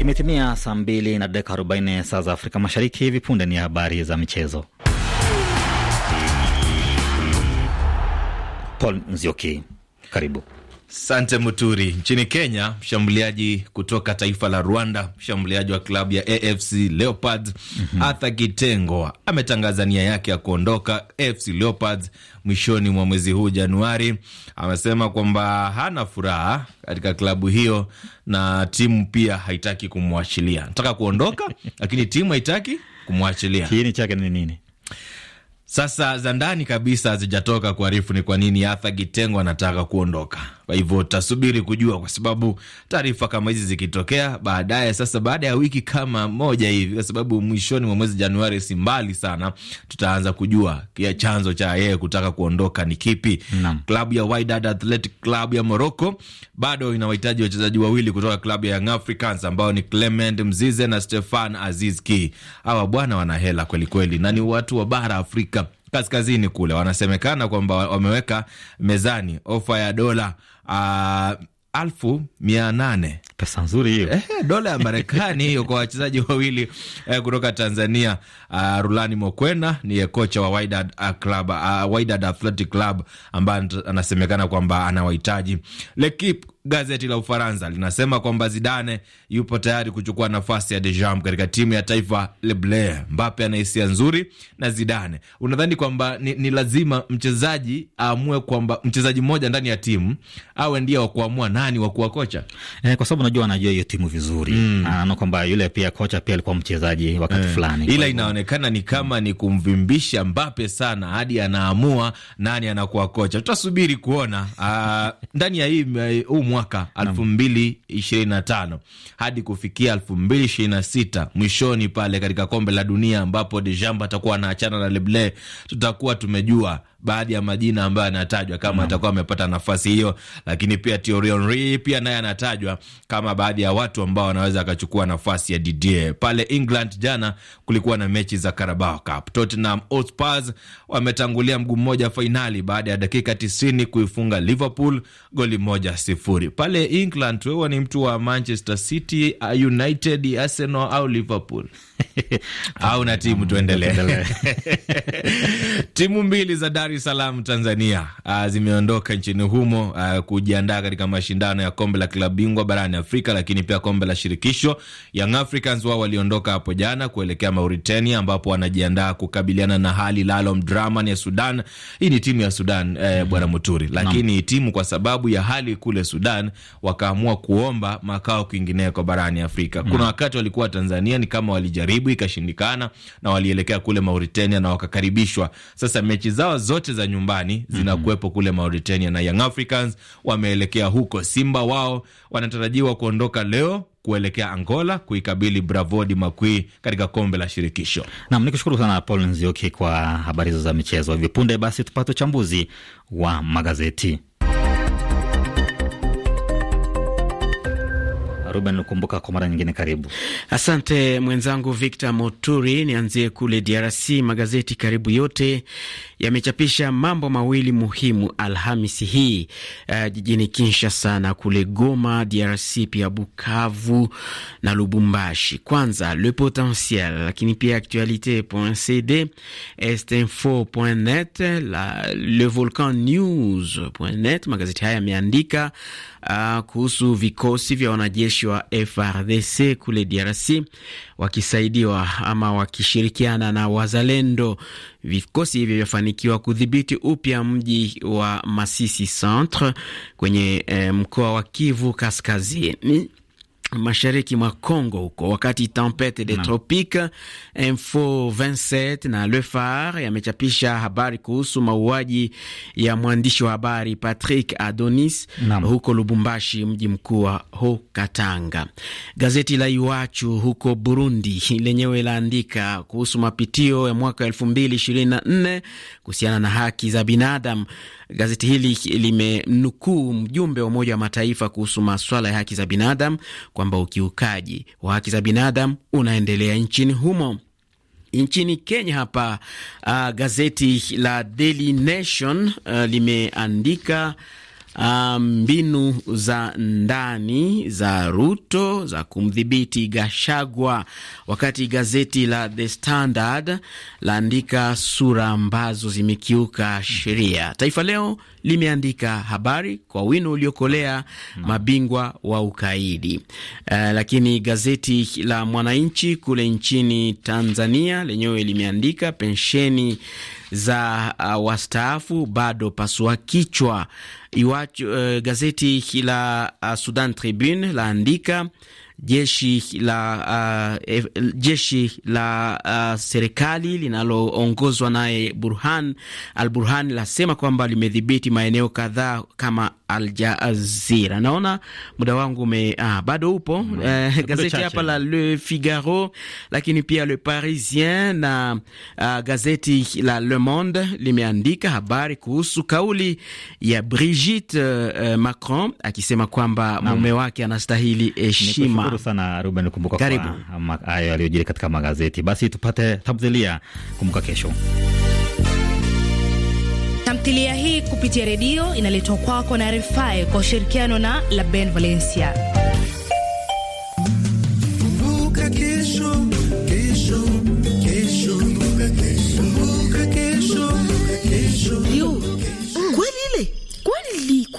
Imetimia saa mbili na dakika 4 saa za Afrika Mashariki. Hivi punde ni habari za michezo. Paul Nzioki, karibu. Sante Muturi. Nchini Kenya, mshambuliaji kutoka taifa la Rwanda, mshambuliaji wa klabu ya AFC Leopards mm -hmm. Arthur Kitengo ametangaza nia yake ya kuondoka AFC Leopards mwishoni mwa mwezi huu Januari. Amesema kwamba hana furaha katika klabu hiyo na timu pia haitaki kumwachilia. Nataka kuondoka lakini timu haitaki kumwachilia. Kiini chake ni nini? Sasa za ndani kabisa hazijatoka kuarifu ni kwa nini Arthur Kitengo anataka kuondoka. Kwa hivyo tutasubiri kujua, kwa sababu taarifa kama hizi zikitokea baadaye, sasa baada ya wiki kama moja hivi, kwa sababu mwishoni mwa mwezi Januari si mbali sana, tutaanza kujua kia chanzo cha yeye kutaka kuondoka ni kipi. Klabu ya Wydad Athletic Club ya Morocco bado inawahitaji wachezaji wawili kutoka klabu ya Young Africans ambao ni Clement Mzize na Stefan Azizki. Ki. Hawa bwana wana hela kwelikweli, na ni watu wa bara Afrika kaskazini kule, wanasemekana kwamba wameweka mezani ofa ya dola Uh, alfu mia nane pesa nzuri hiyo eh, dola ya Marekani hiyo kwa wachezaji wawili eh, kutoka Tanzania. Uh, Rulani Mokwena ni kocha wa Wydad, uh, club, uh, Wydad Athletic Club ambaye anasemekana kwamba anawahitaji L'Equipe Gazeti la Ufaransa linasema kwamba Zidane yupo tayari kuchukua nafasi ya Deschamps katika timu ya taifa Le Bleu. Mbappe ana hisia nzuri na Zidane. Unadhani kwamba ni, ni lazima mchezaji aamue kwamba mchezaji mmoja ndani ya timu awe ndiye wa kuamua nani wa kuwa kocha? Eh, kwa sababu najua anajua hiyo timu vizuri. Mm. Anaona ah, kwamba yule pia kocha pia alikuwa mchezaji wakati eh, fulani. Ila inaonekana ni kama ni kumvimbisha Mbappe sana hadi anaamua nani anakuwa kocha. Tutasubiri kuona. uh, ndani ya hii um, mwaka 2025 hadi kufikia 2026 mwishoni pale katika kombe la dunia ambapo Dejamba atakuwa anaachana na Leble, tutakuwa tumejua baadhi ya majina ambayo yanatajwa kama mm atakuwa amepata nafasi hiyo, lakini pia Thierry Henry pia naye anatajwa kama baadhi ya watu ambao wanaweza akachukua nafasi ya Didier. Pale England jana kulikuwa na mechi za Carabao Cup. Tottenham Hotspur wametangulia mguu mmoja fainali baada ya dakika 90 kuifunga Liverpool goli moja sifuri. Pale England, wewe ni mtu wa Manchester City, United, Arsenal au Liverpool? na timu, tuendelee. Timu mbili za Dar es Salaam Tanzania uh, zimeondoka nchini humo uh, kujiandaa katika mashindano ya kombe la klabu bingwa barani Afrika, lakini pia kombe la shirikisho. Young Africans wao waliondoka hapo jana kuelekea Mauritania, ambapo wanajiandaa kukabiliana na hali lalom Draman ya Sudan. Hii ni timu ya Sudan eh, mm-hmm. bwana Muturi, lakini no. timu kwa sababu ya hali kule Sudan wakaamua kuomba makao kwingineko barani Afrika. Kuna mm-hmm. wakati walikuwa Tanzania ni kama walijaribu Zimbabwe ikashindikana, na walielekea kule Mauritania na wakakaribishwa. Sasa mechi zao zote za nyumbani zinakuwepo mhm. kule Mauritania, na Young Africans wameelekea huko. Simba wao wanatarajiwa kuondoka leo kuelekea Angola kuikabili Bravo di katika kombe la shirikisho. Nam ni kushukuru sana Paul Nzioki kwa habari hizo za michezo. Hivi punde basi tupate uchambuzi wa magazeti. Ruben Lukumbuka, kwa mara nyingine karibu. Asante mwenzangu Victor Moturi. Nianzie kule DRC, magazeti karibu yote yamechapisha mambo mawili muhimu Alhamisi hii uh, jijini Kinshasa na kule Goma DRC, pia Bukavu na Lubumbashi. Kwanza Le Potentiel, lakini pia Actualite.cd, Estinfo.net, Le Volcan News.net. Magazeti haya yameandika uh, kuhusu vikosi vya wanajeshi wa FRDC kule DRC wakisaidiwa ama wakishirikiana na wazalendo. Vikosi hivyo vyafanikiwa kudhibiti upya mji wa Masisi Centre kwenye eh, mkoa wa Kivu Kaskazini mashariki mwa Congo huko wakati Tempete de Tropique. Info 27 na Le Phare yamechapisha habari kuhusu mauaji ya mwandishi wa habari Patrick Adonis Nam. huko Lubumbashi, mji mkuu wa hokatanga Katanga. Gazeti la Iwachu huko Burundi lenyewe laandika kuhusu mapitio ya mwaka 2024 kuhusiana na haki za binadamu Gazeti hili limenukuu mjumbe wa Umoja wa Mataifa kuhusu maswala ya haki za binadamu kwamba ukiukaji wa haki za binadamu unaendelea nchini humo. Nchini Kenya hapa, uh, gazeti la Daily Nation uh, limeandika Um, mbinu za ndani za Ruto za kumdhibiti Gashagwa, wakati gazeti la The Standard laandika sura ambazo zimekiuka sheria. Taifa Leo limeandika habari kwa wino uliokolea mabingwa wa ukaidi. Uh, lakini gazeti la Mwananchi kule nchini Tanzania lenyewe limeandika pensheni za uh, wastaafu bado pasua kichwa iwacho, uh, eh, gazeti la uh, Sudan Tribune laandika jeshi la, uh, jeshi la uh, serikali linaloongozwa naye Burhan Al Burhan linasema kwamba limedhibiti maeneo kadhaa kama Al Jazira. Naona muda wangu ume ah, bado upo mm. Eh, gazeti hapa la Le Figaro lakini pia Le Parisien na uh, gazeti la Le Monde limeandika habari kuhusu kauli ya Brigitte uh, Macron akisema kwamba mume wake anastahili heshima. Nikushukuru sana Ruben kumbuka karibu hayo yaliyojiri katika magazeti. Basi tupate tamthilia kumbuka kesho. Tamthilia hii kupitia redio inaletwa kwako na RFI kwa ushirikiano na La Ben Valencia. Kumbuka kesho.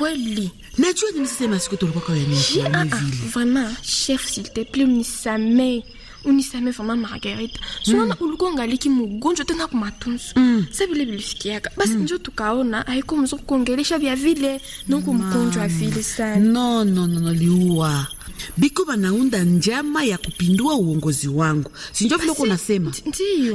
kweli najua nimesema siku tulikuwa kwa nini vraiment chef s'il te plaît unisamee unisamee vraiment margarita sunana mm. ulikuwa ungaliki mgonjwa tena kwa mm. non vile vilifikiaka basi mm. tukaona haiko mzo kuongelesha vya vile été sana no, non. no, non liua biko banaunda njama ya kupindua uongozi wangu, sinjo vile uko nasema,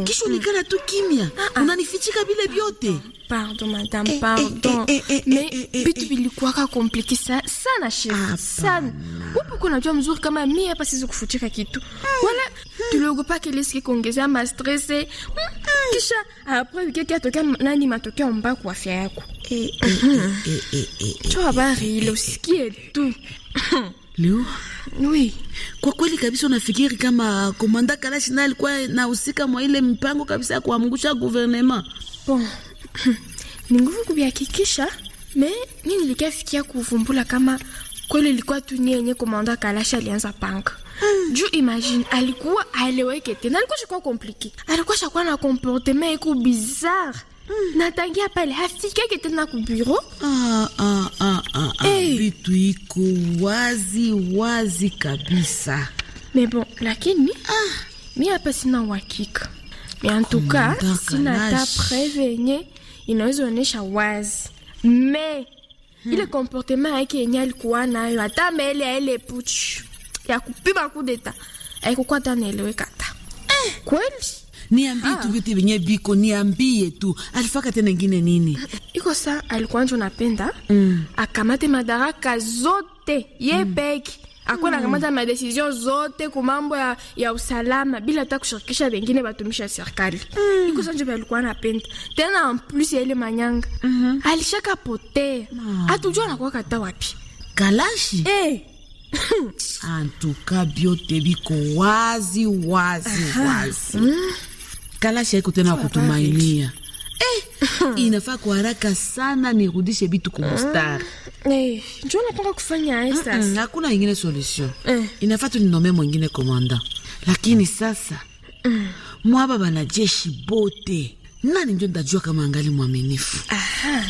kisha unikala tu kimya, unanifichika vile vyote. Pardon madame, eh, eh, pardon. Eh, Me vitu vilikuwaka komplike sana sheri sana. Upo kuna jua mzuri kama mimi hapa siwezi kufutika kitu. Ah. Wala tuliogopa kile siki kuongeza ma stress. Hmm? Ah. Kisha après kile toka nani matokeo mbaya kwa afya yako. Eh eh eh eh. Cho habari ile usikie tu. Leo oui, kwa kweli kabisa unafikiri kama komanda na alikuwa nahusika mwa ile mpango kabisa ya kuamgusha guvernema? Bon, ni nguvu kuvihakikisha, me mi nilikafikia kuvumbula kama kweli ilikuwa tu ni yenye komanda Kalashi alianza panga Mm. Juu imagine alikuwa aeleweke tena, alikuwa shakuwa komplike, alikuwa shakuwa na komportema iko bizarre natangi pale hafikake tena ku bureau. ah, ah, ah, ah, hey. Ah. Eh. Bitu iko wazi wazi kabisa me bon, lakini ah. mi hapa sina uhakika me antuka sina hata preve yenye inaweza onyesha wazi me hmm. ile comportement yake yenye alikuwa nayo hata mele yaele puchu ya kupima kudeta aikukwa hata ta eh. kweli niambie ah. tu vitu vyenye biko, niambie tu alifaka tena ingine nini? Iko saa alikuwa njo napenda mm. akamate madaraka zote ye mm. peki mm. akuwa nakamata madesizio zote ku mambo ya, ya usalama bila hata kushirikisha wengine watumishi wa serikali mm. iko saa njo alikuwa napenda tena en plus ya ile manyanga mm -hmm. alishaka potea no. Ah. atujua anakuwa kata wapi kalashi eh. antuka biote biko wazi wazi wazi mm kalasha iko tena kutumainia eh, inafaa kwa haraka sana nirudishe bitu kumustari. Ah, hey, eh, njoo kufanya Mm -mm, hakuna ingine solution eh. Inafaa tu ninome mwingine komanda, lakini mm. sasa mm. Mwaba jeshi bote, nani njo ndajua kama angali mwaminifu? Aha.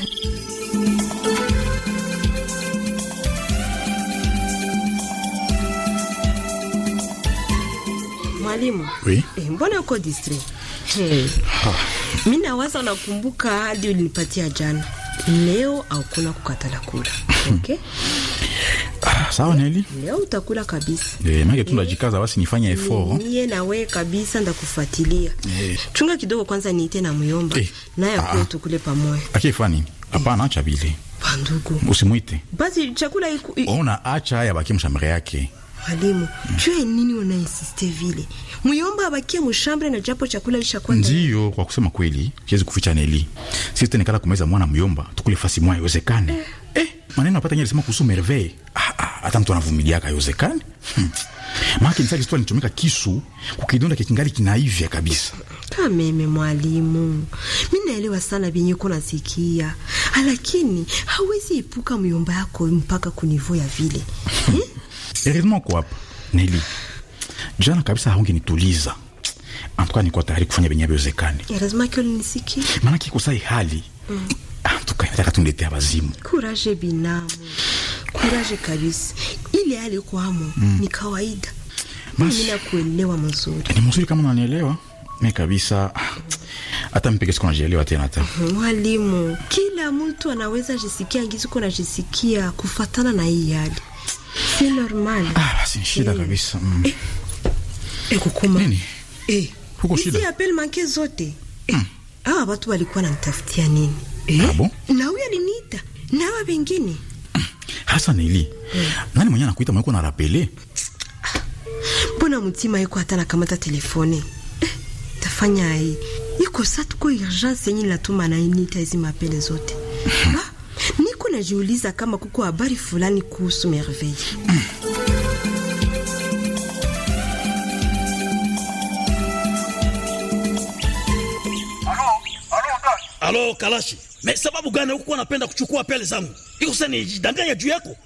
Mwalimu, oui? Eh, mbona uko district Hey. Hmm. Mi nawaza nakumbuka hadi ulinipatia jana, leo aukula kukatala kula. Okay? Ah, sawa Neli, leo utakula kabisa eh, maana tunajikaza eh? basi, nifanye effort mm, niye na wewe kabisa, ndakufuatilia eh. Chunga kidogo kwanza, niite na muyomba eh, naye akue ah, ah. tukule pamoja. Akifa nini? Hapana, acha vile, bandugu, usimuite basi chakula iku... ona, acha yabaki bakimshamre yake mwalimu walimu mm. Jue nini wanainsiste vile muyomba abakie mushambre na japo chakula lishakuwa ndio. Kwa kusema kweli, kiwezi kuficha Neli, sisi tunaikala kumeza mwana muyomba tukule fasi mwa iwezekane eh. Eh, maneno apata nyeri sema kusu merveille ah, ah, hata mtu anavumilia kaiwezekane hmm. Maki nisali sitwa nichomeka kisu kukidonda kikingali kinaivya kabisa. kameme mwalimu, mimi naelewa sana binyi kuna sikia, lakini hawezi epuka myomba yako mpaka kunivoya vile. hmm? Erizma uko hapa Neli, jana kabisa haungenituliza antuka, nikuwa tayari kufanya venye vyozekani. Erizma kio linisiki maana kikusai hali mm. Antuka nataka tunletea wazimu. Kuraje binamu, kuraje kabisa, ile hali uko hamo mm. ni kawaida. Mimi nakuelewa mzuri, ni mzuri kama unanielewa mimi kabisa hata mpeke siku najielewa tena hata mhm, mwalimu. Kila mtu anaweza jisikia ngisi kuna jisikia kufatana na hii hali si normal. Ah, basi shida mm. kabisa mm. eh, eh, kukoma nini eh, huko shida hizi apel manke zote eh, mm. hawa watu walikuwa namtafutia nini eh, Abo? na huyo aliniita na hawa wengine mm. hasa nili eh. nani mwenye anakuita mwenye kuna rapele mbona mtima yuko hata nakamata telefoni eh, tafanya hii iko saa tuko urgence yenye natuma na inita hizi mapele zote mm-hmm. ah najiuliza kama kuko habari fulani kuhusu Merveille. Alo Kalashi, me sababu gani huko anapenda kuchukua pele zangu? Iko sasa ni jidanganya juu yako.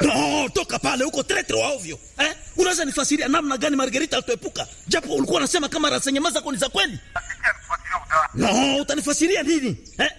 No, toka pale huko tretre wa ovyo. Eh? Unaweza nifasiria namna gani Margarita alitoepuka? Japo ulikuwa unasema kama rasenyemaza kwa ni za kweli. No, utanifasiria nini? Eh?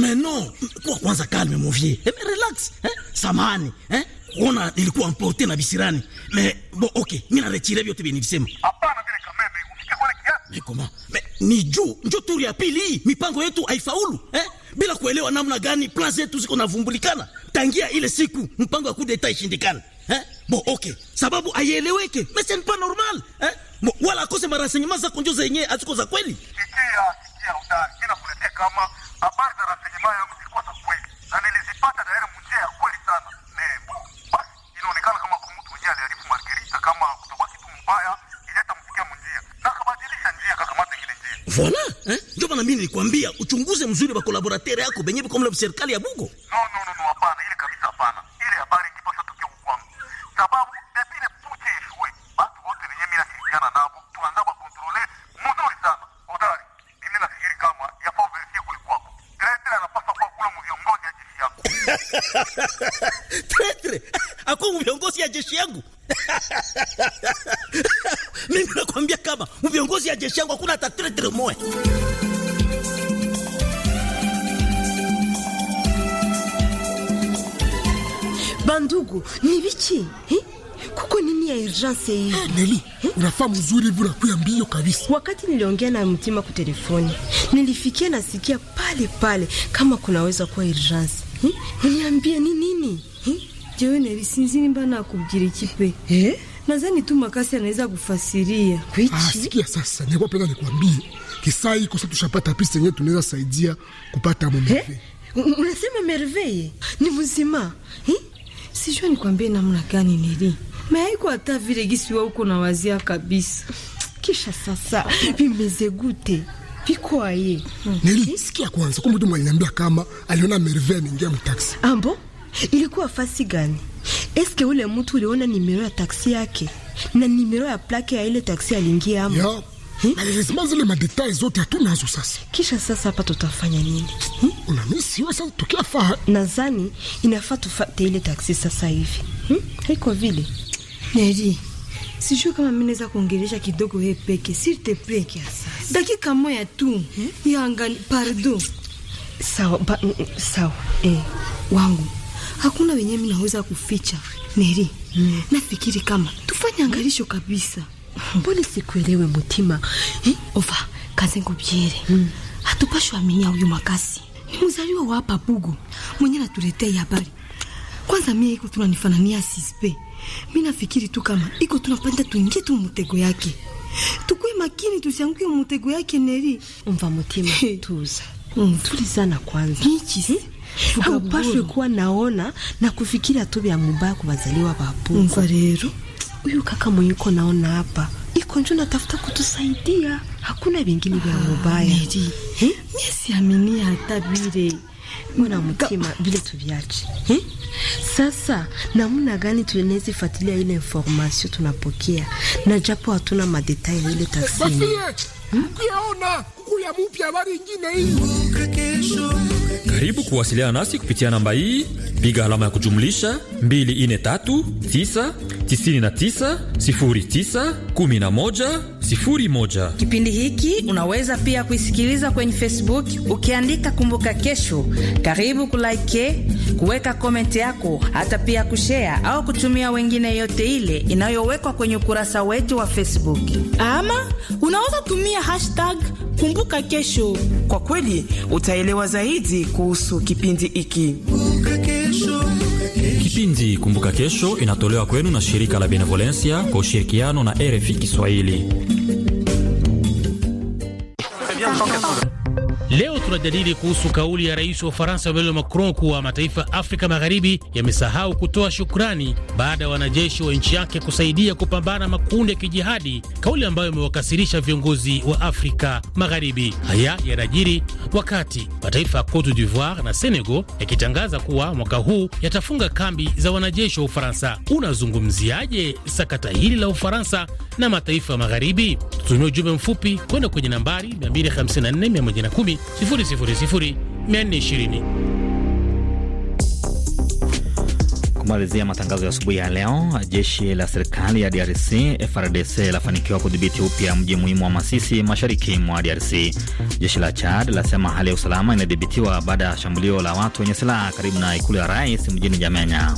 Meno, kwa kwanza kalme movie. Eh, relax, eh? Samahani, eh? Ona ilikuwa emporte na bisirani. Me, bo, okay, mimi narechire vyote binilisema. Hapana vile kameme, ufike kwa kiasi. Me koma. Me ni juu, njoo turi ya pili, mipango yetu haifaulu, eh? Bila kuelewa namna gani plan zetu ziko navumbulikana. Tangia ile siku mpango wa kudeta ishindikana. Eh? Bo, okay. Sababu haieleweke. Me c'est pas normal, eh? Bo, wala akose marasenye maza konjo zenye aziko za kweli. Voilà, eh? Ndio maana mimi nilikwambia uchunguze mzuri wa collaborateur yako benye kwa mlo serikali ya Bugo. No no no, no hapana, ile kabisa hapana. Ile habari ikipasa tukio kwangu. Sababu depuis le putsch échoué, batu wote benye mimi nashirikiana nabo, tuanza ba contrôler mzuri sana. Hodari. mimi na nafikiri kama ya yafaa verifie kule kwako. Tretre anapaswa kwa kula mviongozi ya jeshi yako. Tretre, ako mu viongozi ya jeshi yangu. maisha yangu hakuna hata teretere moya. Bandugu, ni biki kuko nini ya urgence hii eh, Neli? Unafahamu uzuri hivi nakuambia kabisa. Wakati niliongea na mtima kwa telefoni, nilifikia nasikia pale pale kama kunaweza kuwa urgence. Niambie ni nini? Je, wewe Neli, sinzini mbana akubwira ikipe? Eh? nazani tu Makasi anaweza kufasiria Kwichi. Ah, sikia sasa, nilikuwa penda nikwambie kisai kosa tushapata pisi yenyewe tunaweza saidia kupata mume. Eh? Unasema Merveille ni mzima? Sijua nikwambie namna gani nili maiko hata vile gisi wa uko na wazia kabisa. Kisha sasa vimeze vimezegute vikwaye hmm. sikia kwanza kumbe mtu mwaliniambia kama aliona Merveille anaingia mtaksi. Ambo ilikuwa fasi gani? eske ule mtu uliona nimero ya taksi yake na nimero ya plake ya ile taksi aliingia ama? Yeah. Hmm? Alisema zile madetail zote hatunazo sasa. Kisha sasa hapa tutafanya nini? Hmm? Unamisi wewe sasa tukiafa. Nadhani inafaa tufate ile taksi sasa hivi. Hmm? Haiko vile. Neri. Sijui kama mimi naweza kuongelesha kidogo wewe peke. S'il te plaît sasa. Dakika moja tu. Hmm? Yanga pardon. Sawa, mm, mm, sawa. Eh, wangu hakuna wenye mi naweza kuficha Neri. Mm. Nafikiri kama tufanye angalisho kabisa. Mbona sikuelewe mutima? Eh? Ova kazengu byere Mm. Hatupashwa amenya huyu makasi. Ni mzaliwa wa hapa Bugu. Mwenye natuletea habari. Kwanza mimi iko tunanifanania sispe. Mi nafikiri tu kama iko tunapanda tuingie tu mutego yake. Tukue makini tusianguke mutego yake Neri. Umva mutima tuza. Mm. Tulizana kwanza. Nichi. Hmm? au pashwe kuwa naona na kufikira tu vya mubaya kubazaliwa bazaliwa ba Umva rero uyu kaka muyiko naona hapa iko njo natafuta kutusaidia, hakuna vingine vya ah, mubaya. Mimi siamini hata vile mwana mtima vile tuviache eh? Sasa namna gani tunaweza fuatilia ile information tunapokea, na japo hatuna madetail ile taksini hmm? Habari hii, karibu kuwasiliana nasi kupitia namba hii, piga alama ya kujumlisha 24399991101. Kipindi hiki unaweza pia kuisikiliza kwenye Facebook ukiandika Kumbuka Kesho. Karibu kulike, kuweka komenti yako, hata pia kushea au kutumia wengine, yote ile inayowekwa kwenye ukurasa wetu wa Facebook, ama unaweza tumia hashtag Kumbuka Kesho. Kwa kweli utaelewa zaidi kuhusu kipindi hiki. Kipindi Kumbuka Kesho inatolewa kwenu na shirika la Benevolencia kwa ushirikiano na RFI Kiswahili. Leo tunajadili kuhusu kauli ya rais wa Ufaransa Emmanuel Macron kuwa mataifa ya Afrika Magharibi yamesahau kutoa shukrani baada ya wanajeshi wa nchi yake kusaidia kupambana makundi ya kijihadi, kauli ambayo imewakasirisha viongozi wa Afrika Magharibi. Haya yanajiri wakati mataifa ya Cote d'Ivoire na Senegal yakitangaza kuwa mwaka huu yatafunga kambi za wanajeshi wa Ufaransa. Unazungumziaje sakata hili la Ufaransa na mataifa ya Magharibi? Tutumia ujumbe mfupi kwenda kwenye nambari 254110 000 Kumalizia matangazo ya asubuhi ya leo, jeshi la serikali ya DRC FRDC lafanikiwa kudhibiti upya mji muhimu wa Masisi mashariki mwa DRC. Jeshi la Chad lasema hali ya usalama inadhibitiwa baada ya shambulio la watu wenye silaha karibu na ikulu ya rais mjini Jamena.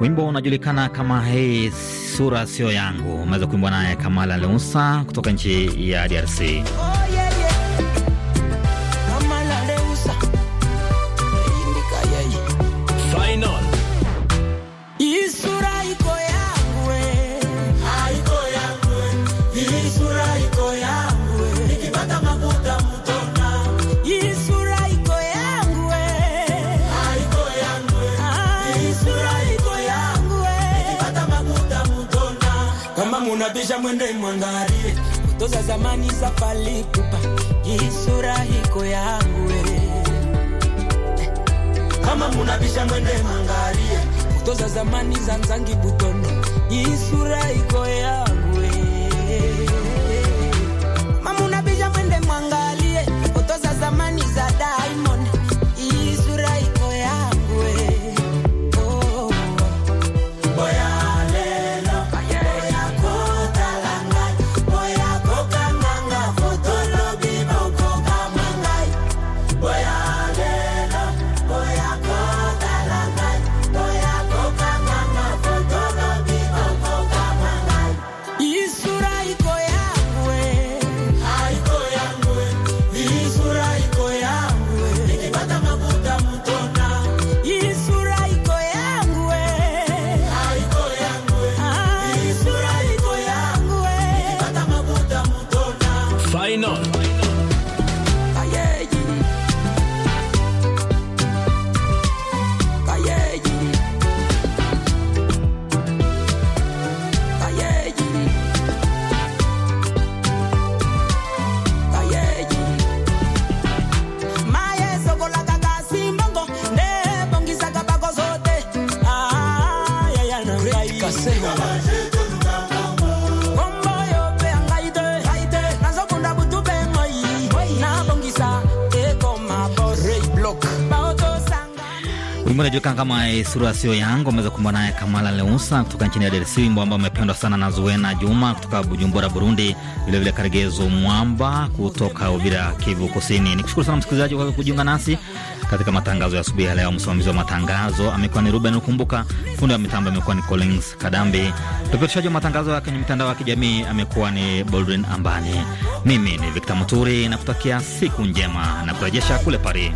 Wimbo unajulikana kama hii Sura Sio Yangu, umeweza kuimbwa naye Kamala Leusa kutoka nchi ya DRC. unabisha mwende mwangalie kutoza zamani za palikupa hii hiko yangu kama munabisha mwende mwangalie kutoza zamani za nzangi butondo hii hiko yangu kama sura sio yangu, ameweza kumbana naye Kamala Leusa kutoka nchini ya DRC, wimbo ambao amependwa sana na Zuena Juma kutoka Bujumbura, Burundi, vilevile Karegezo Mwamba kutoka Uvira, Kivu Kusini. Nikushukuru sana msikilizaji kwa kujiunga nasi katika matangazo ya asubuhi ya leo. Msimamizi wa matangazo amekuwa ni Ruben Ukumbuka, fundi wa mitambo amekuwa ni Collins Kadambi, mpeperushaji wa matangazo ya kwenye mitandao ya kijamii amekuwa ni Boldrin Ambani. Mimi ni Victor Muturi nakutakia siku njema na kurejesha kule Paris.